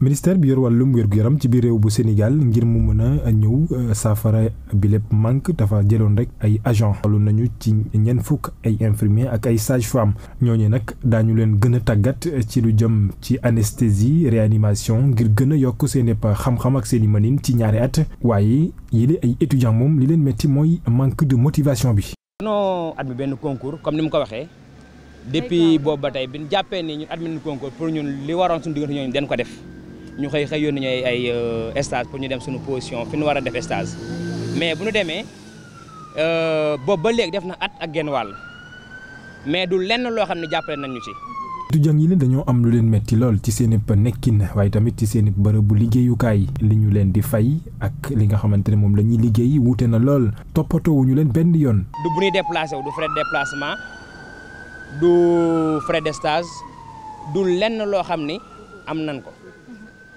ministère bi yor wàllum wér-gu-yaram ci biir réew bu Sénégal ngir mu mën a ñëw euh, saafara bi lépp manque dafa jëloon rek ay agent wàllu nañu ci ñeent fukk ay infirmier ak ay sage femme ñooñu nag daañu leen gën a tàggat ci lu jëm ci anesthésie réanimation ngir gën a yokk seen ëpp xam-xam ak seeni manin ci ñaari at waaye yile ay étudiant moom li leen metti mooy manque de motivation bi danoo admis benn concours comme ni mu ko waxee depuis boobu ba tey bi ñu jàppee ni ñun admis concours pour ñun li waroon suñu diggante ñooñu den ko def ñu xëy xëy yónni ñu ay ay euh, stage pour ñu dem suñu position fi nu war a def stage mais bu ñu demee euh, boobu ba léegi def na at ak genn wàll mais du lenn loo xam ne jàppale nañ ñu ci. étudiants yi dañoo am lu leen metti lool ci seen i nekkin waaye tamit ci seeni i bërëbu liggéeyukaay li ñu leen di fay ak li nga xamante ne moom la ñuy liggéey wuute na lool toppatoowu ñu leen benn yoon. du bu ñuy déplacé wu du frais de déplacement du frais de du lenn loo xam ni am nan ko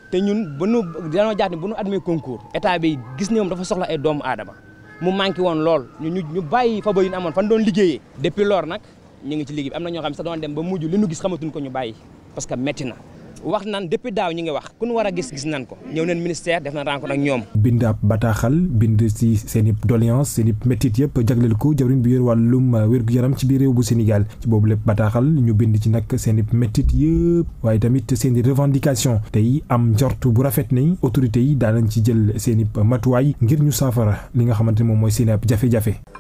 te ñun ba nu dañoo jaax ni bu nu admee concours état bi gis ne moom dafa soxla ay doomu aadama mu manqué woon lool ñu ñu bàyyi fa ba yu amoon fan doon liggéeyee depuis nag. ñu ngi ci liggéey bi am na ñoo xam sax doon dem ba mujj li ñu gis xamatuñ ko ñu bàyyi parce que métti na wax nan depuis daaw ñi ngi wax ku war a gis gis nan ko ñëw neen ministère def na rencontre ak ñoom bind ab bataaxal bind si seen i doléance seen i métit yëpp jagleel ko jawriñ bi yor wàllum wér-gu-yaram ci biir réew bu Sénégal ci boobu lépp bataaxal ñu bind ci nag seen i métit yëpp waaye tamit seen i revendication tey am njort bu rafet ne autorités yi daanañ ci jël seen i matuwaay ngir ñu saafara li nga xamante moom mooy seen ab jafe